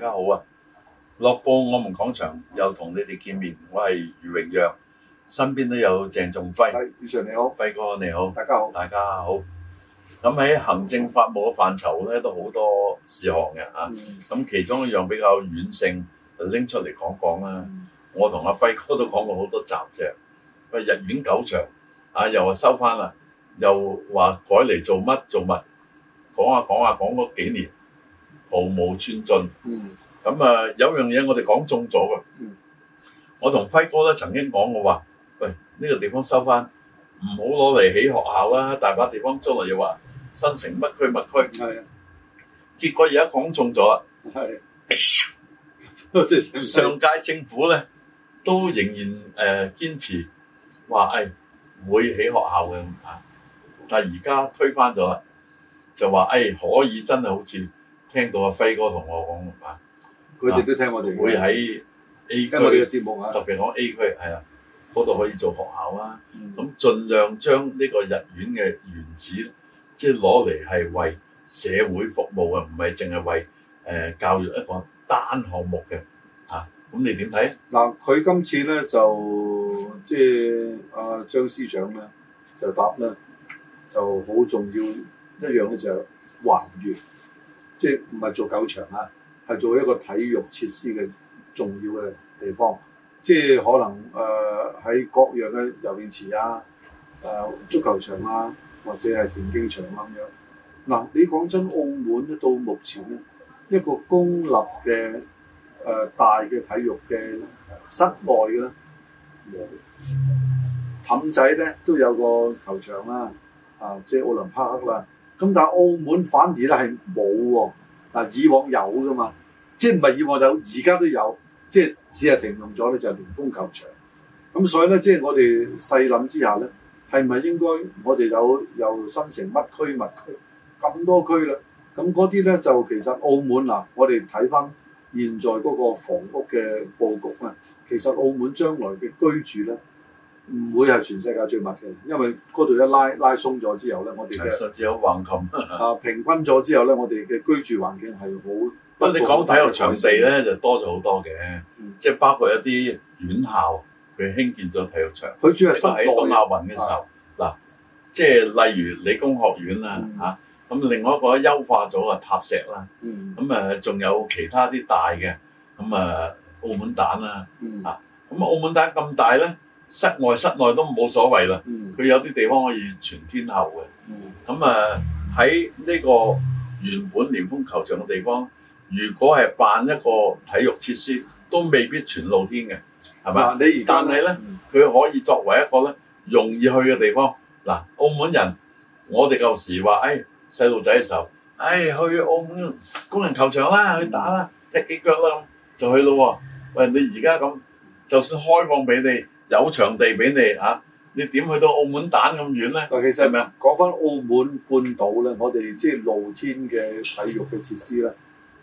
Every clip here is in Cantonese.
大家好啊！樂報，我們講場又同你哋見面，我係余榮若，身邊都有鄭仲輝。係，余常你好，輝哥你好，大家好，大家好。咁喺行政法務嘅範疇咧，都好多事項嘅啊。咁、嗯、其中一樣比較軟性，就拎出嚟講講啦、啊。嗯、我同阿輝哥都講過好多集啫，逸園狗場啊，又話收翻啦，又話改嚟做乜做乜。講下、啊、講下、啊、講嗰幾年。毫無寸進。嗯，咁啊，有樣嘢我哋講中咗㗎。嗯，我同輝哥咧曾經講過話：，喂，呢、這個地方收翻，唔好攞嚟起學校啦。大把地方出嚟又話新城乜區乜區。係啊的。結果而家講中咗。係的。上屆政府咧都仍然誒、呃、堅持話誒唔會起學校嘅啊，但係而家推翻咗，就話誒、哎、可以真係好似。聽到阿輝哥同我講啊，佢哋都聽我哋會喺 A 區嘅節目啊，特別講 A 區係啊，嗰度可以做學校啦。咁盡量將呢個日院嘅原址，即係攞嚟係為社會服務啊，唔係淨係為誒教育一個單項目嘅嚇。咁你點睇？嗱，佢今次咧就即係阿張司長咧就答咧就好重要一樣咧就還原。即係唔係做狗場啊？係做一個體育設施嘅重要嘅地方，即係可能誒喺、呃、各樣嘅游泳池啊、誒、呃、足球場啊，或者係田徑場啊咁樣。嗱，你講真，澳門咧到目前咧一個公立嘅誒、呃、大嘅體育嘅室外嘅咧氹仔咧都有個球場啦、啊，啊，即係奧林匹克啦、啊。咁但係澳門反而咧係冇喎，嗱以往有噶嘛，即係唔係以往有，而家都有，即係只係停用咗咧就蓮峰球場，咁所以咧即係我哋細諗之下咧，係咪應該我哋有又新城乜區乜區咁多區咧？咁嗰啲咧就其實澳門嗱，我哋睇翻現在嗰個房屋嘅佈局啊，其實澳門將來嘅居住咧。唔會係全世界最密嘅，因為嗰度一拉拉鬆咗之後咧，我哋嘅甚至有橫琴啊，平均咗之後咧，我哋嘅居住環境係好。不過你講體育場地咧就多咗好多嘅，即係包括一啲院校佢興建咗體育場。佢主要係喺東亞運嘅時候嗱，即係例如理工學院啦嚇，咁另外一個優化咗啊塔石啦，咁啊仲有其他啲大嘅，咁啊澳門蛋啦，咁澳門蛋咁大咧。室外、室外都冇所謂啦。佢、嗯、有啲地方可以全天候嘅。咁啊喺呢個原本蓮峰球場嘅地方，如果係辦一個體育設施，都未必全露天嘅，係咪？嗯、你但係咧，佢、嗯、可以作為一個咧容易去嘅地方。嗱，澳門人，我哋舊時話，誒細路仔嘅時候，誒、哎、去澳門工人球場啦，去打啦，嗯、踢幾腳啦，就去咯喎。喂，你而家咁，就算開放俾你。有場地俾你嚇、啊，你點去到澳門蛋咁遠咧？其實係咪啊？講翻澳門半島咧，我哋即係露天嘅體育嘅設施咧，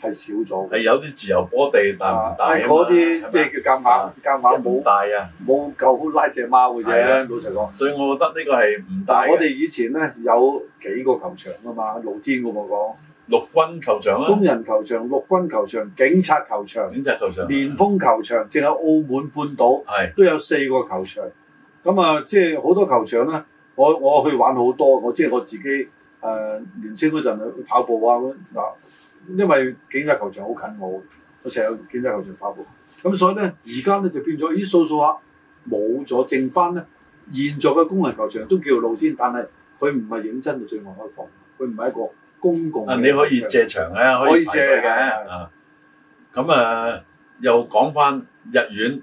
係少咗嘅。係有啲自由波地大大，但唔大係嗰啲即係叫夾硬，夾硬冇大啊，冇夠拉隻貓嘅啫。啊、老實講，所以我覺得呢個係唔大、啊。但我哋以前咧有幾個球場噶嘛，露天嘅喎講。陸軍球場啦，工人球場、陸軍球場、警察球場、警察球場、連峰球場，淨係的澳門半島係都有四個球場。咁的啊，即係好多球場咧，我我去玩好多，我即係我自己誒、呃，年青嗰陣去跑步啊嗱，因為警察球場好近我，我成日警察球場跑步。咁所以咧，而家咧就變咗，咦，數數啊，冇咗，剩翻咧，現在嘅工人球場都叫露天，但係佢唔係認真去對外開放，佢唔係一個。公共啊，你可以借場咧，可以借嘅啊。咁啊，又講翻日院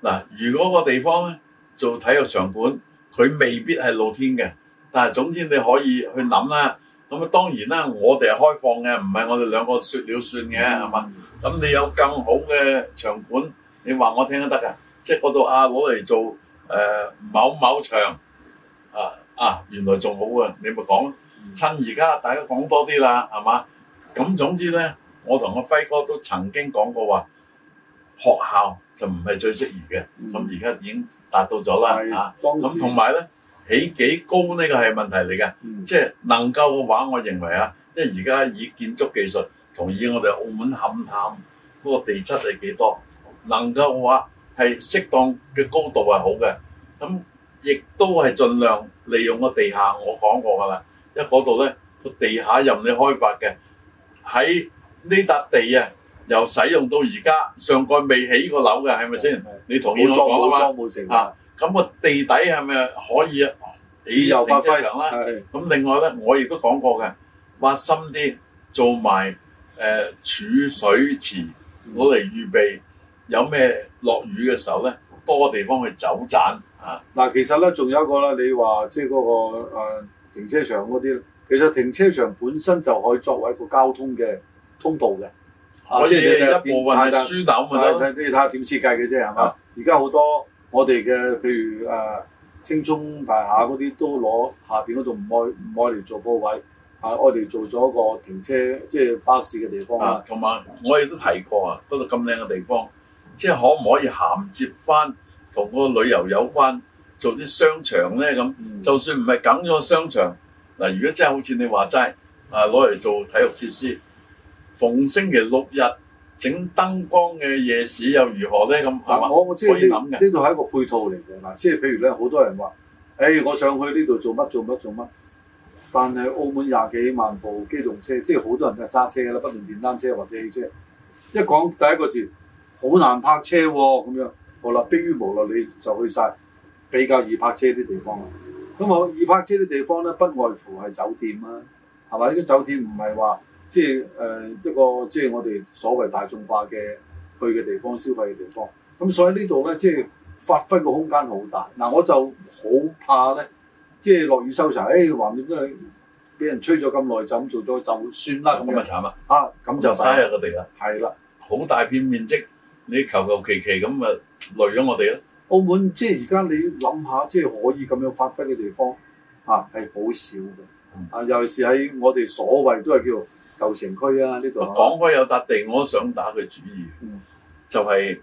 嗱，如果個地方咧做體育場館，佢未必係露天嘅。但係總之你可以去諗啦。咁啊，當然啦，我哋係開放嘅，唔係我哋兩個説了算嘅，係嘛、嗯？咁你有更好嘅場館，你話我聽都得㗎。即嗰度啊，攞嚟做誒某某場啊啊，原來仲好啊，你咪講咯。趁而家大家講多啲啦，係嘛？咁總之咧，我同阿輝哥都曾經講過話，學校就唔係最適宜嘅。咁而家已經達到咗啦、嗯、啊！當時、咁同埋咧起幾高呢個係問題嚟嘅，即係、嗯、能夠嘅話，我認為啊，即係而家以建築技術同以我哋澳門勘探嗰個地質係幾多，能夠嘅話係適當嘅高度係好嘅。咁亦都係盡量利用個地下。我講過㗎啦。喺嗰度咧，個地下任你開發嘅，喺呢笪地啊，由使用到而家上蓋未起個樓嘅，係咪先？的你同我講啊別裝 成嚇咁個地底係咪可以啊？自由發揮啦。咁的另外咧，我亦都講過嘅，挖深啲，做埋誒儲水池，攞嚟預備有咩落雨嘅時候咧，多地方去走盞啊！嗱，其實咧，仲有一個呢，你話即係嗰個，呃停車場嗰啲，其實停車場本身就可以作為一個交通嘅通道嘅，我哋一部分係樞紐就可以咯？睇下點設計嘅啫，係嘛？而家好多我哋嘅，譬如誒青葱大廈嗰啲，都攞下邊嗰度唔愛唔愛嚟做鋪位，啊，我哋做咗個停車即係巴士嘅地方啦。同埋、啊、我哋都提過啊，不過咁靚嘅地方，即係可唔可以銜接翻同個旅遊有關？做啲商場咧咁，就算唔係搞咗商場嗱，嗯、如果真係好似你話齋啊，攞嚟做體育設施，逢星期六日整燈光嘅夜市又如何咧？咁係嘛？是是我即係呢呢度係一個配套嚟嘅嗱，即、就、係、是、譬如咧，好多人話，誒、哎，我想去呢度做乜做乜做乜？但係澳門廿幾萬部機動車，即係好多人都係揸車㗎啦，不論電單車或者汽車，一講第一個字好難泊車喎、哦，咁樣，嗱，迫於無奈，你就去晒，比較易泊車啲地方啦，咁我易泊車啲地方咧，不外乎係酒店啦，啊，係咪？呢啲酒店唔係話即係誒一個即係我哋所謂大眾化嘅去嘅地方消費嘅地方，咁所以這裡呢度咧，即係發揮個空間好大。嗱，我就好怕咧，即係落雨收柴，誒橫掂都係俾人吹咗咁耐，就咁做咗就算啦。咁啊慘啊！啊咁就嘥入個地啦，係啦，好大片面積，你求求其其咁啊累咗我哋啦。澳門即係而家你諗下，即係可以咁樣發揮嘅地方，啊，係好少嘅。啊，尤其是喺我哋所謂都係叫舊城區啊呢度。講開有笪地，我想打佢主意。嗯、就係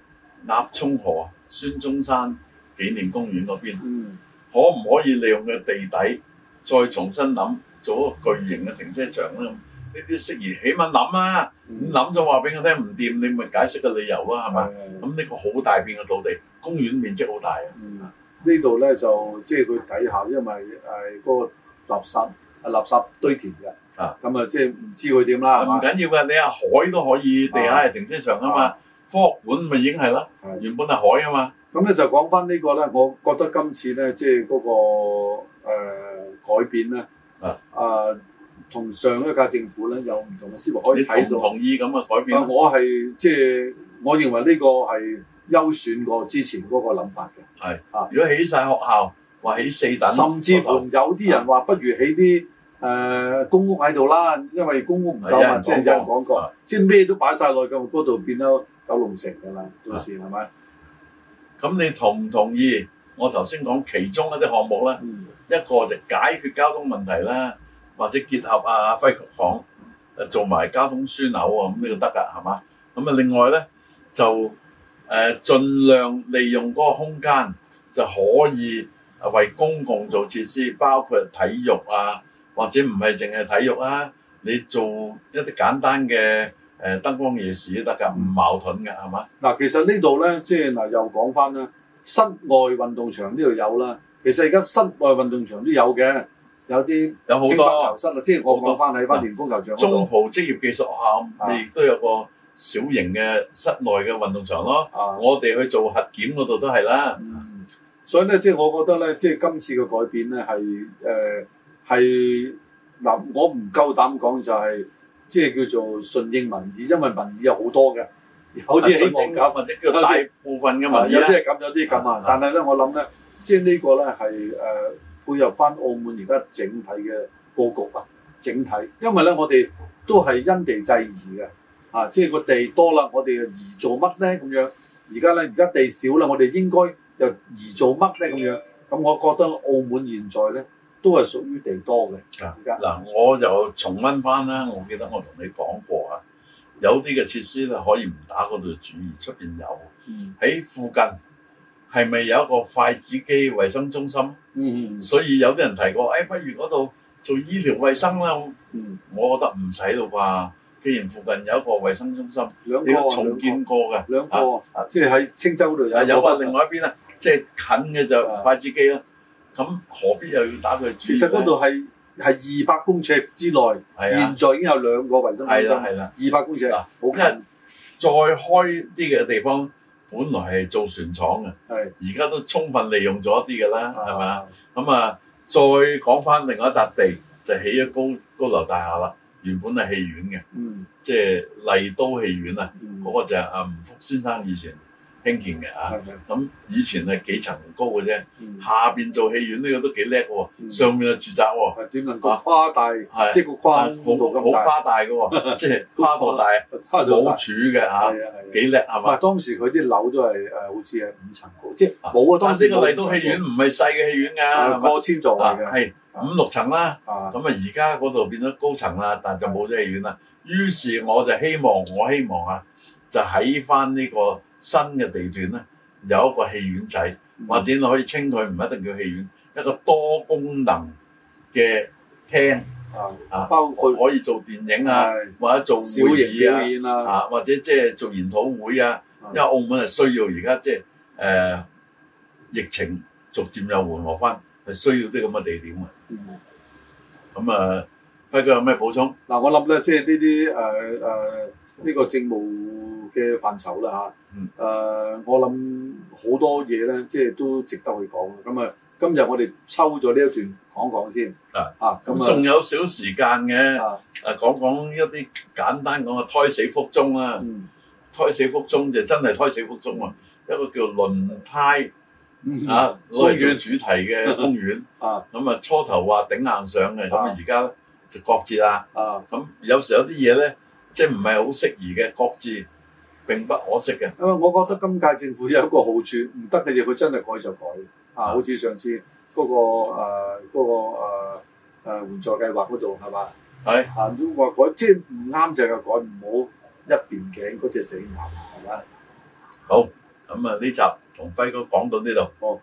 鴨涌河孫中山紀念公園嗰邊，嗯、可唔可以利用嘅地底再重新諗做個巨型嘅停車場咧？呢啲適宜，起碼諗啊！諗咗話俾佢聽唔掂，你咪解釋個理由咯，係咪、嗯？咁呢個好大片嘅土地。公園面積好大啊！嗯，呢度咧就即係佢底下，因為誒嗰、呃嗰個垃圾垃圾堆填嘅啊，咁啊即係唔知佢點啦，係嘛？唔緊要㗎，你啊海都可以，地下係停車場㗎嘛。啊啊、科學館咪已經係啦，啊、原本係海啊嘛。咁咧就講翻呢個咧，我覺得今次咧即係嗰個、呃、改變咧啊，啊、呃，同上一屆政府咧有唔同嘅思維可以睇到。你同唔同意咁嘅改變呢？我係即係我認為呢個係。優選過之前嗰個諗法嘅，係啊！如果起晒學校，話起四等，甚至乎有啲人話不如起啲誒公屋喺度啦，因為公屋唔夠嘛，即係有講過，即係咩都擺晒內港嗰度，變咗九龍城嘅啦，到時係咪？咁你同唔同意？我頭先講其中一啲項目咧，一個就解決交通問題啦，或者結合阿輝港做埋交通樞紐啊，咁呢個得㗎係嘛？咁啊，另外咧就。誒，盡量利用嗰個空間就可以為公共做設施，包括體育啊，或者唔係淨係體育啊。你做一啲簡單嘅誒燈光夜市都得㗎，唔矛盾㗎，係嘛？嗱，其實呢度咧，即係嗱又講翻啦，室外運動場呢度有啦，其實而家室外運動場都有嘅，有啲有好多球室啊，即係我講翻喺翻蓮峰球場，中葡職業技術學校亦都有個。小型嘅室內嘅運動場咯、啊，我哋去做核檢嗰度都係啦、嗯。所以咧，即係我覺得咧，即係今次嘅改變咧，係誒係嗱，我唔夠膽講就係、是、即係叫做順應民意，因為民意有好多嘅，有啲希望搞或者叫大部分嘅民意有，有啲係咁，有啲咁啊。但係咧，我諗咧，即係呢個咧係誒配合翻澳門而家整體嘅佈局啊，整體，因為咧我哋都係因地制宜嘅。啊！即係個地多啦，我哋就移做乜咧咁樣。而家咧，而家地少啦，我哋應該就移做乜咧咁樣。咁我覺得澳門現在咧都係屬於地多嘅。嗱，我就重溫翻啦。我記得我同你講過啊，有啲嘅設施咧可以唔打嗰度主意，出邊有喺附近，係咪有一個筷子基衞生中心？嗯嗯。所以有啲人提過，誒，不如嗰度做醫療衞生啦。嗯，我覺得唔使到啩。既然附近有一個衞生中心，兩個重建過嘅，兩個即係喺青州度有，有啊，另外一邊啦，即係近嘅就快捷機啦。咁何必又要打佢主意？其實嗰度係係二百公尺之內，現在已經有兩個衞生中心，係啦，係啦，二百公尺。好，今日再開啲嘅地方，本來係做船廠嘅，係，而家都充分利用咗啲嘅啦，係咪？咁啊，再講返另外一笪地，就起咗高高樓大廈啦。原本係戲院嘅，嗯、即係麗都戲院啊，嗯、嗰個就係阿吳福先生以前。興建嘅啊，咁以前係幾層高嘅啫，下邊做戲院呢個都幾叻嘅，上面又住宅，跨大即係個跨度咁冇跨大嘅，即係跨度大，冇柱嘅吓，幾叻係嘛？當時佢啲樓都係誒，好似係五層高，即係冇啊。當時個麗都戲院唔係細嘅戲院噶，過千座嚟係五六層啦。咁啊，而家嗰度變咗高層啦，但係就冇咗戲院啦。於是我就希望我希望啊，就喺翻呢個。新嘅地段咧，有一個戲院仔，嗯、或者你可以稱佢唔一定叫戲院，一個多功能嘅廳、嗯、啊，包括、啊、可以做電影啊，是或者做會議啊，啊，啊或者即係做研討會啊，是因為澳門係需要而家即係疫情逐漸又緩和翻，係需要啲咁嘅地點嘅。咁、嗯、啊，輝哥有咩補充？嗱、啊，我諗咧，即係呢啲誒誒呢個政務嘅範疇啦嚇，誒我諗好多嘢咧，即係都值得去講咁啊，今日我哋抽咗呢一段講講先啊，咁仲有少時間嘅，誒講講一啲簡單講嘅胎死腹中啦，胎死腹中就真係胎死腹中啊！一個叫輪胎啊，我哋主題嘅公園啊，咁啊初頭話頂硬上嘅，咁而家就擱置啦，咁有時有啲嘢咧，即係唔係好適宜嘅擱置。並不可惜嘅，因為我覺得今屆政府有一個好處，唔得嘅嘢佢真係改就改，啊的，好似上次嗰、那個誒嗰、呃那個、呃呃、援助計劃嗰度係嘛？係，的啊，都話改，即係唔啱就係改，唔好一辮頸嗰隻死牛係咪？好，咁啊呢集同輝哥講到呢度。好